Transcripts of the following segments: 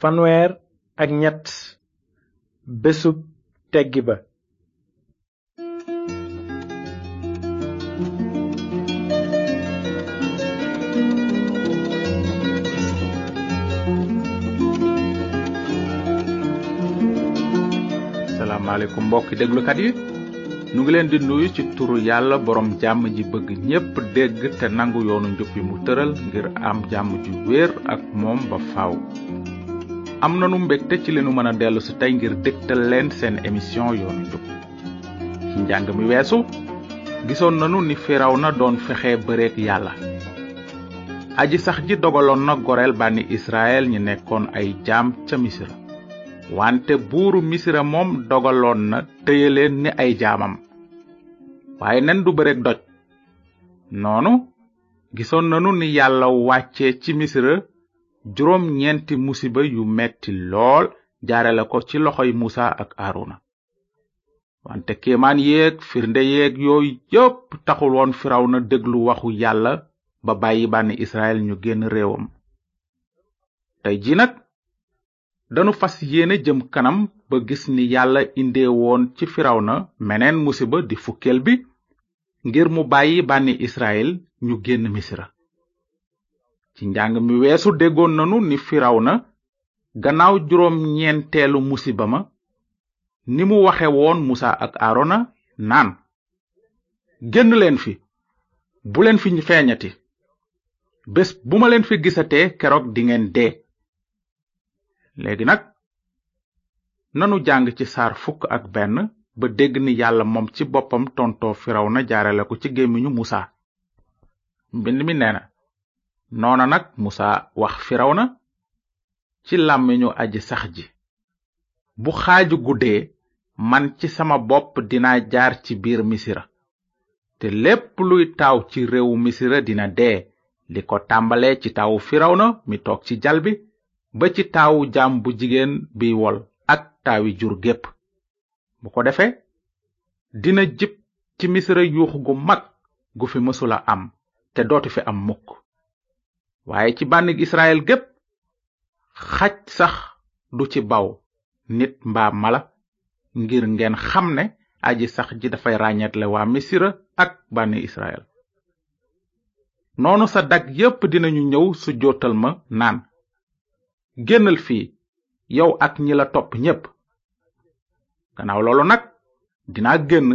fanweer ak ñett bésub teggi ba salaamaaleykum mbokki déglukat yi nu ngi leen di nuyu ci turu yàlla borom jàmm ji bëgg ñépp dégg te nangu yoonu njub yi mu tëral ngir am jàmm ju wér ak moom ba faaw am nanu mbégte ci leenu mën a dellu si tey ngir dégtal leen seen émission yoonu njub ci njàng mi weesu gisoon nanu ni na doon fexe bëreek yàlla aji sax ji dogaloon na goreel bànni Israël ñi nekkoon ay jaam ca misira wante buuru misira moom dogaloon na tëye leen ni ay jaamam waaye nen du bëreek doj noonu gisoon nanu ni yàlla wàcce ci misira juróom ñeenti musiba yu metti lool jaarale ko ci loxoy musa ak aaruna wante kéemaan yeeg firnde yeeg yooyu yépp taxul woon firawna déglu waxu yàlla ba bàyyi bànni israel ñu génn réewam tey ji nag danu fas yéene jëm kanam ba gis ni yàlla indee woon ci na meneen musiba di fukkeel bi ngir mu bàyyi bànni israel ñu génn misira ci njàng mi weesu déggoon nanu ni na gannaaw juróom ñeenteelu musiba ma ni mu waxe woon musa ak aarona naan génn leen fi bu leen fi feeñati bés bu ma leen fi gisatee keroog dingeen dee léegi nag nanu jàng ci saar fukk ak benn ba dégg ni yàlla moom ci boppam tontoo firawna jaarale ko ci gémmiñu musa mbind mi nee na noona nag musa wax firaw na ci làmmiñu aji sax ji bu xaaju guddee man ci sama bopp dina jaar ci biir misira te lépp luy taaw ci réewu misira dina dee di ko tàmbalee ci taawu na mi toog ci jalbi ba ci taawu jaam bu jigéen biy wol ak taawi jur gépp bu ko defee dina jib ci misira yuux gu mag gu fi mësula am te dootu fi am mukk waaye ci bànnig israel gépp xaj sax du ci baw nit mbaa mala ngir ngeen xam ne aji sax ji dafay ràññetle waa misira ak bànni israel noonu sa dag yépp dinañu ñëw su jootal ma naan génnal fii yow ak ñi la topp ñépp gannaaw loolu nag dina génn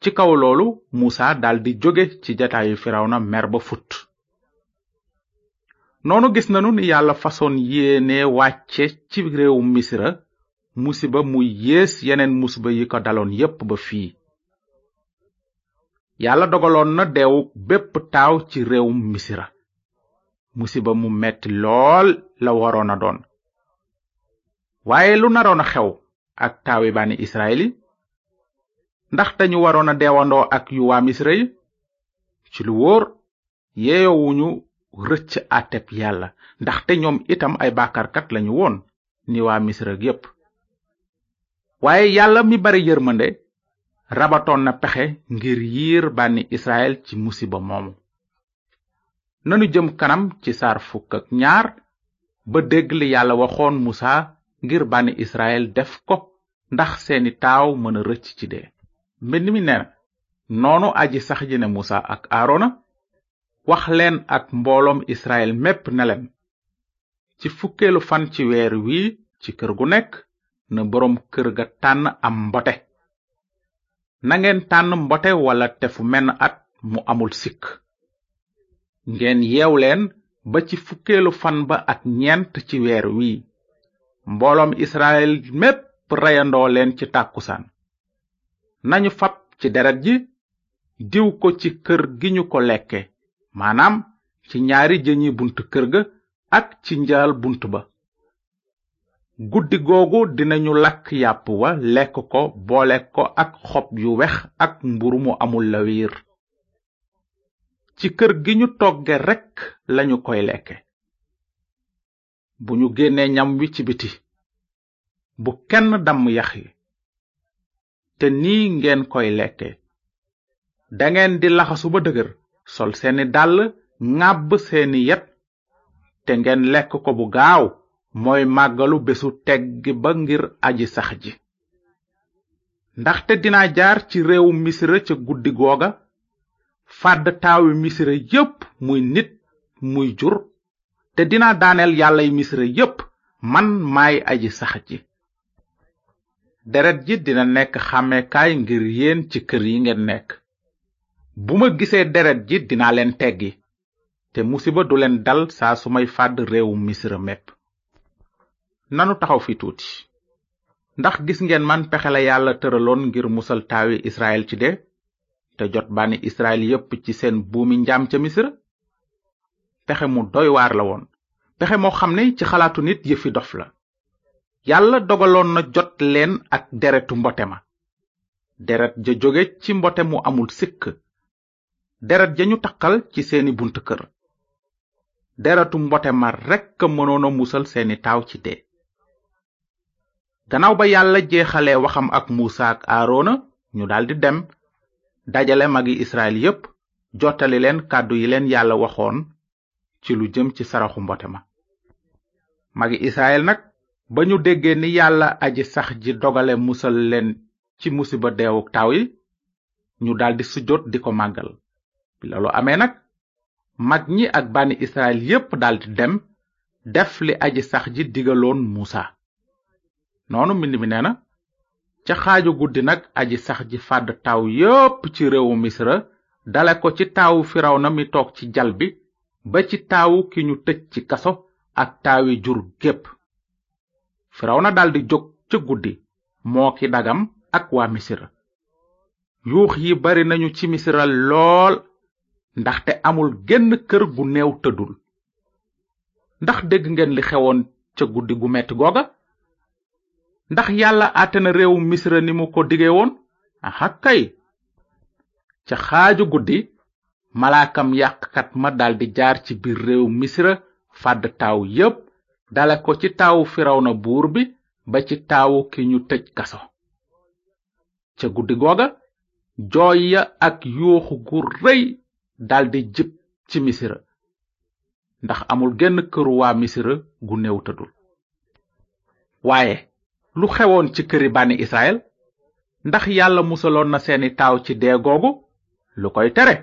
ci kaw loolu muusa daldi jóge ci jataayu firawna mer ba fut noonu gis nanu ni yàlla façon yéenee wàcce ci réewu misra musiba mu yées yeneen musiba yi ko daloon yépp ba fii yàlla dogaloon na deewu bépp taaw ci réewu misra musiba mu metti lool la waroon a doon waaye lu naroon a xew ak taawi bani israel yi ndax dañu waroon a deewandoo ak yu waa misra yi ci lu wóor yeeyowuñu rëcc àtteb yàlla ndaxte ñoom itam ay bàkkaarkat lañu woon ni waa misra yépp waaye yàlla mi bari yërmande rabatoon na pexe ngir yiir bànni israel ci musiba moomu nanu jëm kanam ci saar fukk ak ñaar ba déggli yàlla waxoon musa ngir bànni israel def ko ndax seeni taaw mën a rëcc ci dee mbind mi neena noonu aji sax ji musa ak aarona wax leen ak mbooloom israel mépp ne leen ci fukkeelu fan ci weer wi ci kër gu nekk na boroom kër ga tànn am mbote nangeen tànn mbote wala fu menn at mu amul sikk ngeen yeew leen ba ci fukkeelu fan ba ak ñeent ci weer wi mbooloom israel mépp reyandoo leen ci tàkkusaan nañu fab ci deret ji diw ko ci kër gi ñu ko lekke maanaam ci ñaari jëñi buntu kër ga ak ci njaal bunt ba guddi googu dinañu lakk yàpp wa lekk ko boole ko ak xob yu wex ak mburu mu amul lawiir ci kër gi ñu togge rekk lañu koy lekke bu ñu génnee ñam wi ci biti bu kenn damm yax yi te nii ngeen koy lekke dangeen di laxasu ba dëgër sol seeni dàll ŋàbb seeni yet te ngeen lekk ko bu gaaw mooy màggalu bésu teggi ba ngir aji sax ji ndaxte dinaa jaar ci réewu misira ca guddi googa fàdd taawi misira yépp muy nit muy jur te dina daaneel yàllay misira yépp man maay aji sax ji deret ji dina nekk xàmmekaay ngir yéen ci kër yi ngeen nekk bu ma gisee deret ji dina leen teggi te musiba du leen dal saa su fàdd réewu misra mépp nanu taxaw fi tuuti ndax gis ngeen man pexe la yàlla tëraloon ngir musal taawi israel ci de te jot bani israel yépp ci seen buumi njaam ca misra pexe mu doy waar la woon pexe moo xam ne ci xalaatu nit yëfi dof la yàlla dogaloon na jot leen ak deretu mbote ma deret ja jóge ci mbote mu amul sikk deret ja ñu taqal ci seeni buntu kër deretu mbote ma rekk a mënoona a musal seeni taaw ci dee gannaaw ba yàlla jeexalee waxam ak muusa ak aarona ñu daldi dem dajale magi israel yépp jottali leen kàddu yi leen yàlla waxoon ci lu jëm ci saraxu mbote ma magi israel nag ba ñu déggee ni yàlla aji sax ji dogale musal leen ci musiba deewuk taaw yi ñu daldi sujjóot di ko màggal bi amee nag mag ñi ak bànni israel yépp daldi dem def li aji sax ji digaloon muusa noonu mbind mi na ca xaaju guddi nag aji sax ji fàdd taw yépp ci réewu misra dale ko ci taawu firawna mi toog ci jal bi ba ci taawu ki ñu tëj ci kaso ak taawi jur gépp firawna daldi jóg ca guddi moo ki dagam ak waa misra yuux yi bari nañu ci misra lool te amul genn kër gu neew tëddul ndax dégg ngeen li xewoon ca guddi gu metti googa ndax yàlla àtte na réew misra ni mu ko digge woon aha ca xaaju guddi malaakam yàqkat ma daldi jaar ci biir réew misra fàdd taaw yépp dale ko ci taawu firawna buur bi ba ci taawu ki ñu tëj kaso ca guddi googa jooy ya ak yuuxu gu rëy daldi jëp ci misira ndax amul genn këru waa misira gu néew tëddul waaye lu xewoon ci këri bànni israel ndax yàlla musaloon na seeni taaw ci dee googu lu koy tere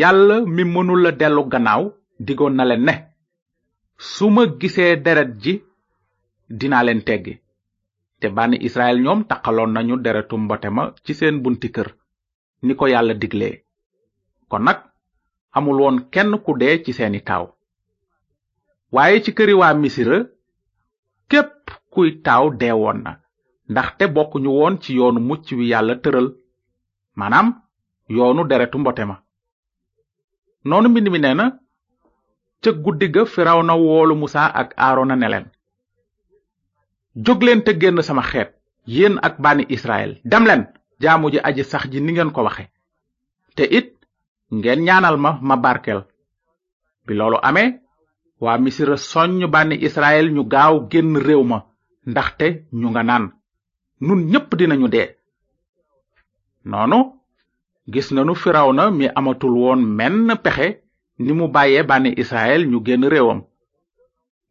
yàlla mi mënula dellu gannaaw digoon na leen ne su ma gisee deret ji dinaa leen teggi te bànni israel ñoom taqaloon nañu deretu mbote ma ci seen bunti kër ni ko yàlla digle kon nag amul woon kenn ku dee ci seeni taaw waaye ci këri waa misira képp kuy taaw dee woon na te bokkuñu woon ci yoonu mucc wi yàlla tëral maanaam yoonu deretu mbote ma noonu mbind mi nee na ca guddi ga firawna woolu musa ak aarona ne leen jógleen te génn sama xeet yéen ak bànni israel dem jaamu ji aji sax ji ni ngeen ko waxe te it ngeen ñaanal ma ma barkel bi loolu amee waa misira soññ bànni israel ñu gaaw génn réew ma ndaxte ñu nga naan nun ñépp dinañu dee noonu gis nanu firawna mi amatul woon men pexe ni mu bàyyee bànni israel ñu génn réewam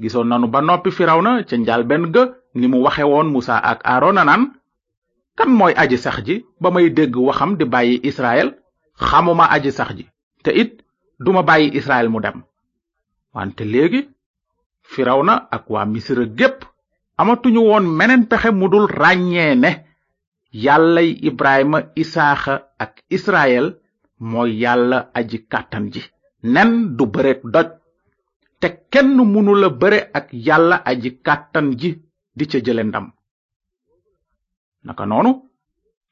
gisoon nanu ba noppi firawna ca njaal benn ga ni mu waxe woon musa ak Aaron naan kan mooy aji sax ji ba dégg waxam di bàyyi israel xamuma aji sax ji te it duma bàyyi israel mu dem wante léegi firawna ak waa misira gépp amatuñu woon meneen pexe mu dul ràññee ne yàllay ibrahima isaaxa ak israel mooy yàlla aji kàttan ji nen du bëreek doj te kenn munula bëre ak yàlla aji kàttan ji di ca jële ndam naka noonu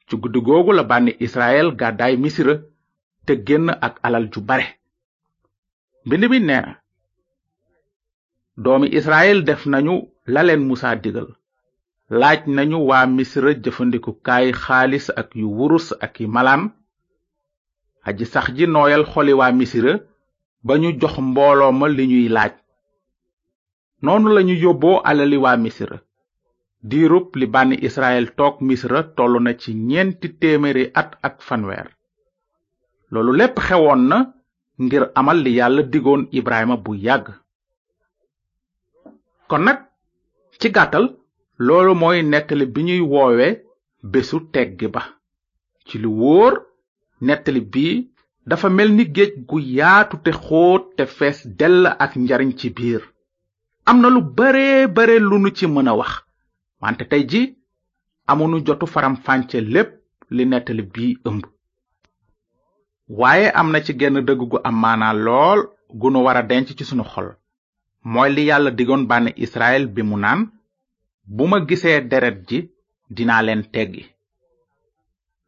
ci guddi googu la bànni israel gàddaay misira te génn ak alal ju bare mbind mi nee doomi israel def nañu laleen leen musa digal laaj nañu waa misra jëfandikukaay xaalis ak yu wurus ak i malaan aji sax ji nooyal xoli waa misra ba ñu jox mbooloo ma li ñuy laaj noonu lañu yóbboo alali waa misra diirub li bànni israel toog misra tollu na ci ñeenti téeméeri at ak fanweer loolu lépp xewoon na ngir amal li yàlla digoon ibrahima bu yàgg kon nag ci gàttal loolu mooy nettali bi ñuy woowe bésu teggi ba ci lu wóor nettali bii dafa mel ni géej gu yaatu te xóot te fees dell ak njariñ ci biir am na lu bare bare lu nu ci mën a wax wante tey ji amunu jotu faram fànce lépp li nettali bii ëmb waaye am na ci genn dëgg gu am maanaa lool gu nu war a denc ci sunu xol mooy li yàlla digoon bànni israel bi mu naan bu ma gisee deret ji dinaa leen teggi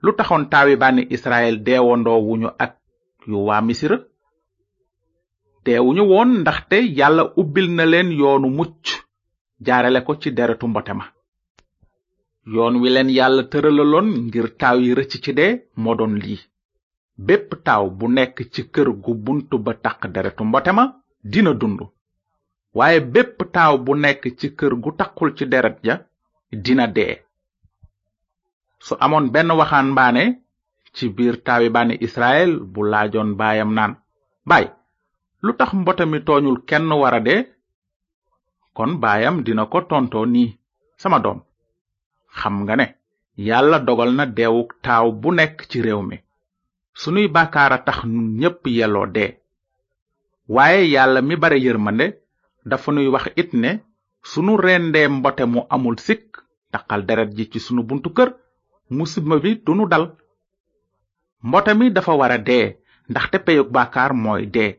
lu taxoon taawi bànni israel deewandoo wuñu ak yu waa misira deewuñu woon ndaxte yàlla ubbil na leen yoonu mucc jaarale ko ci deretu mbote ma yoon wi leen yàlla tëralaloon ngir taaw yi rëcc ci de moo doon lii bépp taaw bu nekk ci kër gu buntu ba taq deretu mbote ma dina dund waaye bépp taaw bu nekk ci kër gu taqul ci deret ja dina dee su so, amoon benn waxaan mbaane ci biir taawi bani israel bu laajoon baayam naan baay lu tax mbota mi tooñul kenn wara dee kon baayam dina ko tontoo nii sama doom xam nga ne yàlla dogal na deewuk taaw bu nekk ci réew mi sunuy bàkkaar a tax nun ñépp yelloo dee waaye yàlla mi bare yërmande dafa nuy wax it ne sunu rendee mbote mu amul sikk taqal deret ji ci sunu buntu kër musiba bi dunu dal mbote mi dafa wara dee ndaxte peyug bàkkaar mooy dee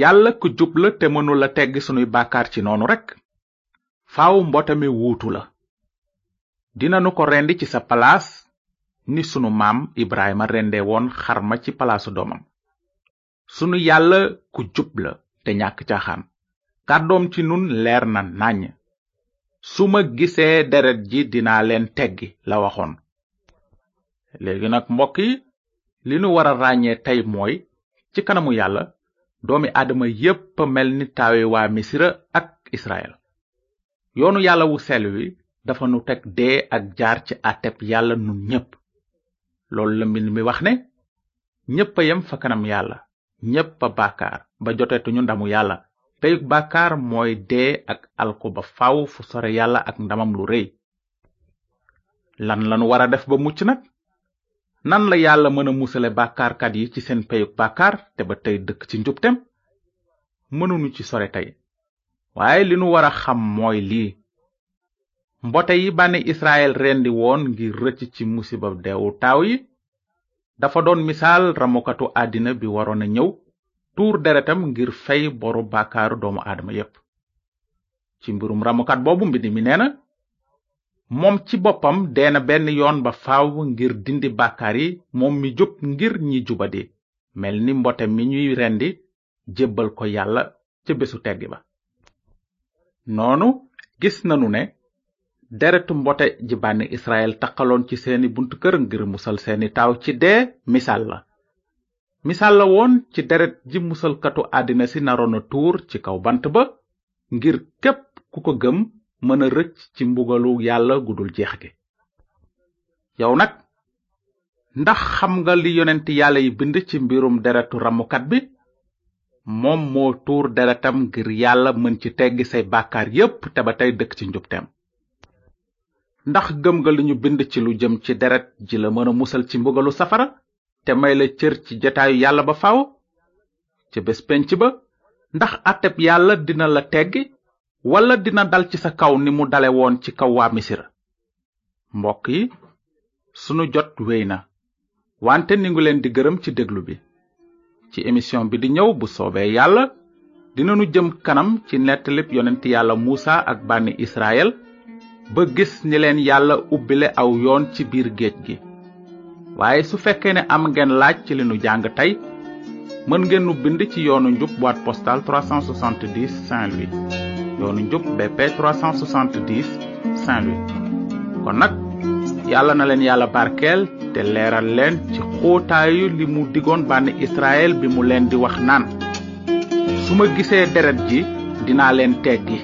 yàlla ku jub la te mënula tegg sunuy bàkkaar ci noonu rekk faw mbote mi wuutu la dinanu ko rendi ci sa palaas ni sunu maam Ibrahima rende woon xar ma ci palaasu doomam sunu yàlla ku jub la te ñàkk caaxaan kàddoom ci nun leer na nàññ su ma gisee deret ji dinaa leen teggi la waxoon léegi nag mbokk yi li nu war a ràññee tey mooy ci kanamu yàlla doomi aadama yépp mel ni taawe waa misira ak israel yoonu yàlla wu sel dafa nu teg dee ak jaar ci àtteb yàlla nun ñépp loolu la mbind mi wax ne ñépp a yem fa kanam yàlla ñépp a bàkkaar ba joteetuñu ndamu yàlla peyug bàkkaar mooy dee ak alku ba faw fu sore yàlla ak ndamam lu rëy lan lanu war a def ba mucc nag nan la yàlla mën a musale bàkkaarkat yi ci seen peyug bàkkaar te ba tey dëkk ci njubtem mënuñu ci sore tey waaye li nu war xam mooy lii mbote yi bànni israel rendi woon ngir rëcc ci musiba deewu taaw yi dafa doon misaal ramukatu àddina bi waroon a ñëw tuur deretam ngir fey boru bàkkaaru doomu aadama yépp ci mbirum ramukat boobu mbind mi neena moom ci boppam deena benn yoon ba faaw ngir dindi bàkkaar yi moom mi jub ngir ñi jubadi mel ni mbote mi ñuy rendi jébbal ko yàlla ca bésu teggi ba noonu gis nanu ne deretu mbote ji israel takkaloon ci seeni buntu kër ngir musal seeni taw ci dee misal la misal la woon ci deret ji musalkatu àddina si naroon a tuur ci kaw bant ba ngir képp ku ko gëm mën ci mbugalu yàlla gudul jeex gi yow nag ndax xam nga li yonent yàlla yi bind ci mbirum deretu ramukat bi moom moo tuur deretam ngir yàlla mën ci teggi say bàkkaar yépp te ba tey ci njubteem ndax gëm nga li ñu bind ci lu jëm ci deret ji la mën a musal ci mbugalu safara te may la cër ci jataayu yàlla ba faw ca bés penc ba ndax àtteb yàlla dina la teggi walla dina dal ci sa kaw ni mu dale woon ci kaw waa misira mbokk yi sunu jot wéy na wante ni ngi leen di gërëm ci déglu bi ci émission bi di ñëw bu soobee yàlla dina nu jëm kanam ci nettalib yonent yàlla muusa ak bànni israel ba gis ni leen yàlla ubbile aw yoon ci biir géej gi waaye su fekkee ne am ngeen laaj ci li nu jàng tey mën ngeen nu bind ci yoonu njub boîte postale 370 saint louis yoonu njub bp 370 saint louis kon nag yàlla na leen yàlla barkeel te leeral leen ci xóotaayu li mu digoon bànn israel bi mu leen di wax naan suma gisee deret ji dinaa leen teggi